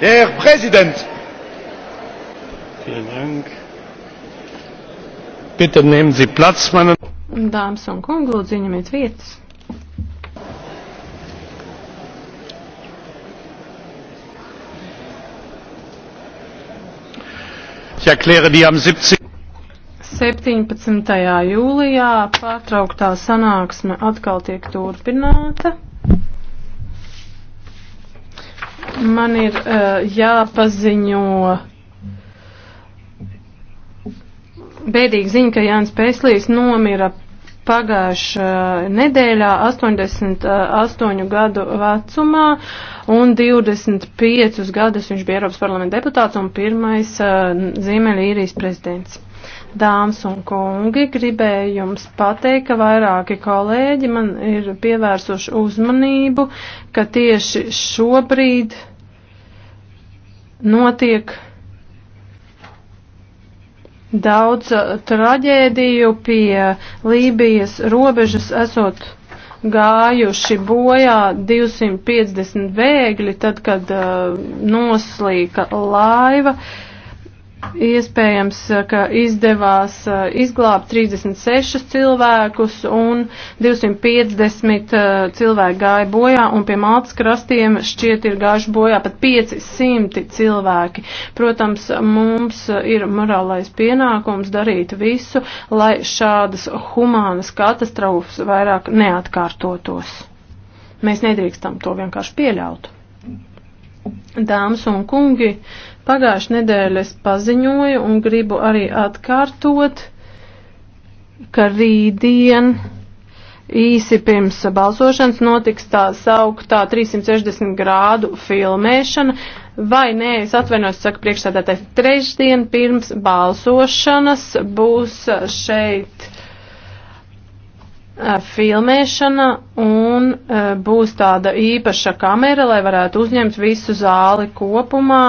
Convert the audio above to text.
Der Herr Präsident! Vielen Dank. Bitte nehmen Sie Platz, meine Dāmas un kungi, lūdzu, ieņemiet vietas. Ich erkläre die am 17. 17. jūlijā pārtrauktā sanāksme atkal tiek turpināta. Man ir uh, jāpaziņo bēdīgi ziņa, ka Jānis Pēslīs nomira pagājušā nedēļā 88 gadu vecumā un 25 gadus viņš bija Eiropas parlamenta deputāts un pirmais uh, Ziemeļīrijas prezidents. Dāmas un kungi, gribēju jums pateikt, ka vairāki kolēģi man ir pievērsuši uzmanību, ka tieši šobrīd notiek daudz uh, traģēdiju pie Lībijas robežas esot gājuši bojā 250 bēgļi, tad, kad uh, noslīka laiva. Uh, Iespējams, eh, ka izdevās eh, izglābt 36 cilvēkus un 250 eh, cilvēki gāja bojā un pie Maltas krastiem šķiet ir gājuši bojā pat 500 cilvēki. Protams, mums ir morālais pienākums darīt visu, lai šādas humānas katastrofas vairāk neatkārtotos. Mēs nedrīkstam to vienkārši pieļaut. Dāmas un kungi, pagājušajā nedēļā es paziņoju un gribu arī atkārtot, ka rītdien īsi pirms balsošanas notiks tā sauktā 360 grādu filmēšana, vai nē, es atvainojos, saka priekšsēdētājs, trešdien pirms balsošanas būs šeit eh, filmēšana un un e, būs tāda īpaša kamera, lai varētu uzņemt visu zāli kopumā.